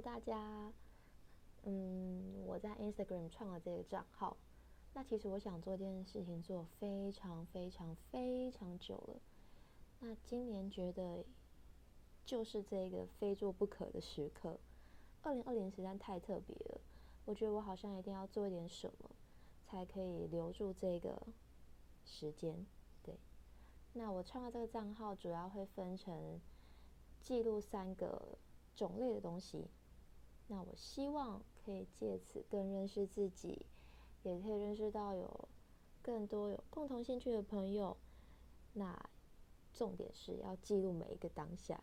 大家，嗯，我在 Instagram 創了這個賬號。那其實我想做這件事情做非常非常非常久了。那今年覺得就是這個非做不可的時刻。二零二零實在太特別了，我覺得我好像一定要做一點什麼，才可以留住這個時間。對。那我創了這個賬號，主要會分成記錄三個種類的東西。那我希望可以借此更認識自己，也可以認識到有更多有共同興趣的朋友。那重點是要記錄每一個當下。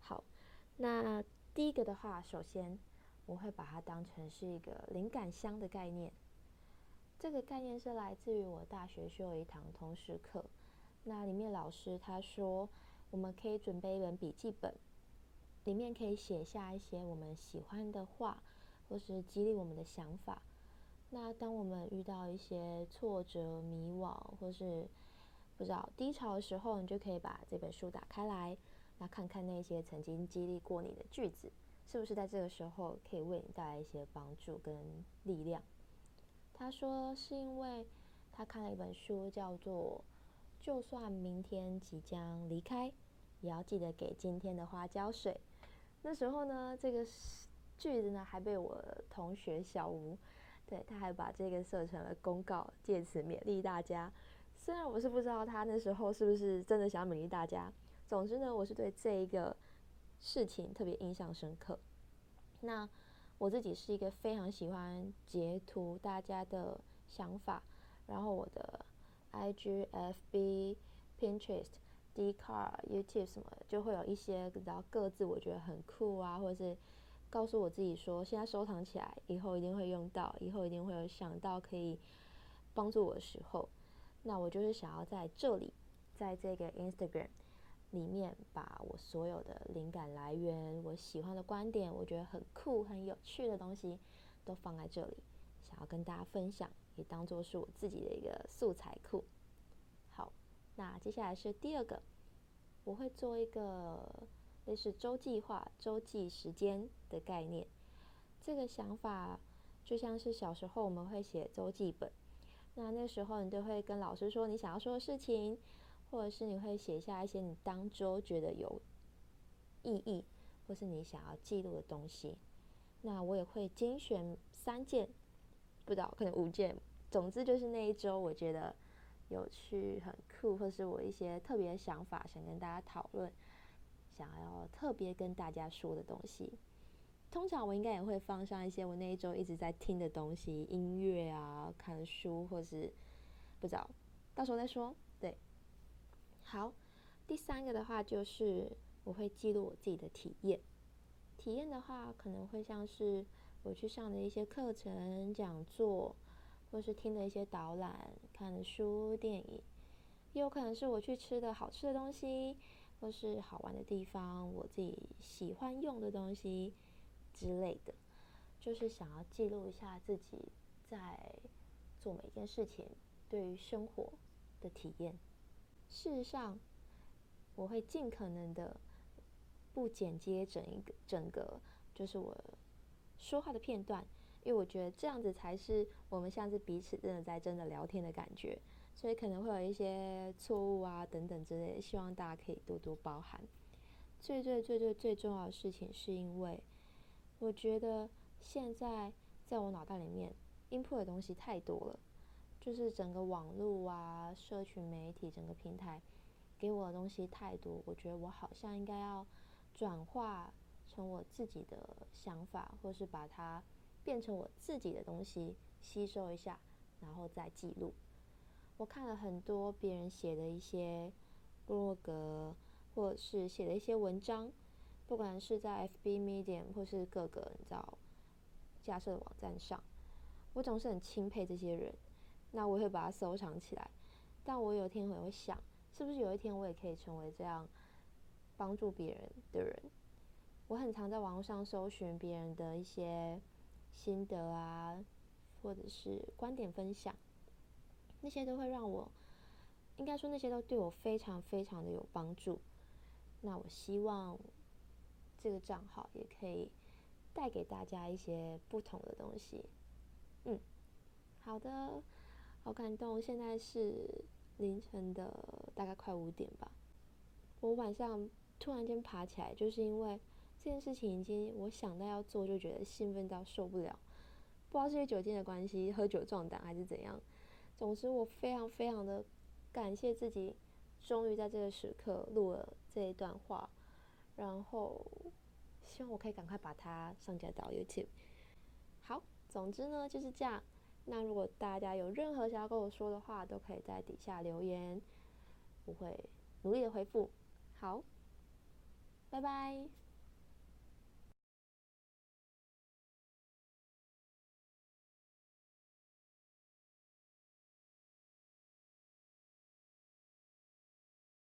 好，那第一個的話，首先我會把它當成是一個靈感箱的概念。這個概念是來自於我大學修有一堂通識課，那裡面老師他說我們可以準備一本筆記本。裡面可以寫下一些我們喜歡的話，或是激勵我們的想法。那當我們遇到一些挫折、迷惘，或是不知道低潮的時候，你就可以把這本書打開來，那看看那些曾經激勵過你的句子，是不是在這個時候可以為你帶來一些幫助跟力量？他說是因為他看了一本書，叫做《就算明天即將離開，也要記得給今天的花澆水》。那時候呢，這個句子呢還被我同學小吳，對，他還把這個設成了公告，借此勉勵大家。雖然我是不知道他那時候是不是真的想要勉勵大家，總之呢，我是對這一個事情特別印象深刻。那我自己是一個非常喜歡截圖大家的想法，然後我的 IG FB Pinterest。D card、Car, YouTube 什麼的，就會有一些然後各自我覺得很酷啊，或者是告訴我自己說，現在收藏起來，以後一定會用到，以後一定會有想到可以幫助我的時候，那我就是想要在這裡，在這個 Instagram 裡面，把我所有的靈感來源、我喜歡的觀點、我覺得很酷、很有趣的東西都放在這裡，想要跟大家分享，也當做是我自己的一個素材庫。啊、接下來是第二個，我會做一個類似周計劃、周記時間的概念。這個想法就像是小時候我們會寫周記本，那那時候你就會跟老師說你想要說的事情，或者是你會寫下一些你當周覺得有意義，或是你想要記錄的東西。那我也會精選三件，不知道可能五件，總之就是那一周我覺得。有趣、很酷，或是我一些特別想法，想跟大家討論，想要特別跟大家說的東西。通常我應該也會放上一些我那一周一直在聽的東西，音樂啊、看書，或是不知道，到時候再說。對，好，第三個的話就是我會記錄我自己的體驗。體驗的話，可能會像是我去上的一些課程、講座。或是聽了一些導覽、看了書、電影，也有可能是我去吃的好吃的東西，或是好玩的地方，我自己喜歡用的東西之類的，就是想要記錄一下自己在做每件事情對於生活的體驗。事實上，我會盡可能的不剪接整一個整個，就是我說話的片段。因為我覺得這樣子才是我們像是彼此真的在真的聊天的感覺，所以可能會有一些錯誤啊等等之類的，希望大家可以多多包涵。最最最最最重要的事情，是因為我覺得現在在我腦袋裡面 input 的東西太多了，就是整個網絡啊、社群媒體、整個平台給我的東西太多，我覺得我好像應該要轉化成我自己的想法，或是把它。變成我自己的東西，吸收一下，然後再記錄。我看了很多別人寫的一些部落格，或者是寫的一些文章，不管是在 FB Medium 或是各個你知道架設的網站上，我總是很欽佩這些人。那我會把它收藏起來，但我有一天也會，會想，是不是有一天我也可以成為這樣幫助別人的人？我很常在網絡上搜尋別人的一些。心得啊，或者是觀點分享，那些都會讓我，應該說那些都對我非常非常的有幫助。那我希望這個賬號也可以帶給大家一些不同的東西。嗯，好的，好感動。現在是凌晨的大概快五點吧，我晚上突然間爬起來，就是因為。這件事情已經，我想到要做就覺得興奮到受不了。不知道是與酒精的關係，喝酒壯膽還是怎樣。總之，我非常非常的感謝自己，終於在這個時刻錄了這一段話。然後，希望我可以趕快把它上架到 YouTube。好，總之呢就是這樣。那如果大家有任何想要跟我說的話，都可以在底下留言，我會努力的回復。好，拜拜。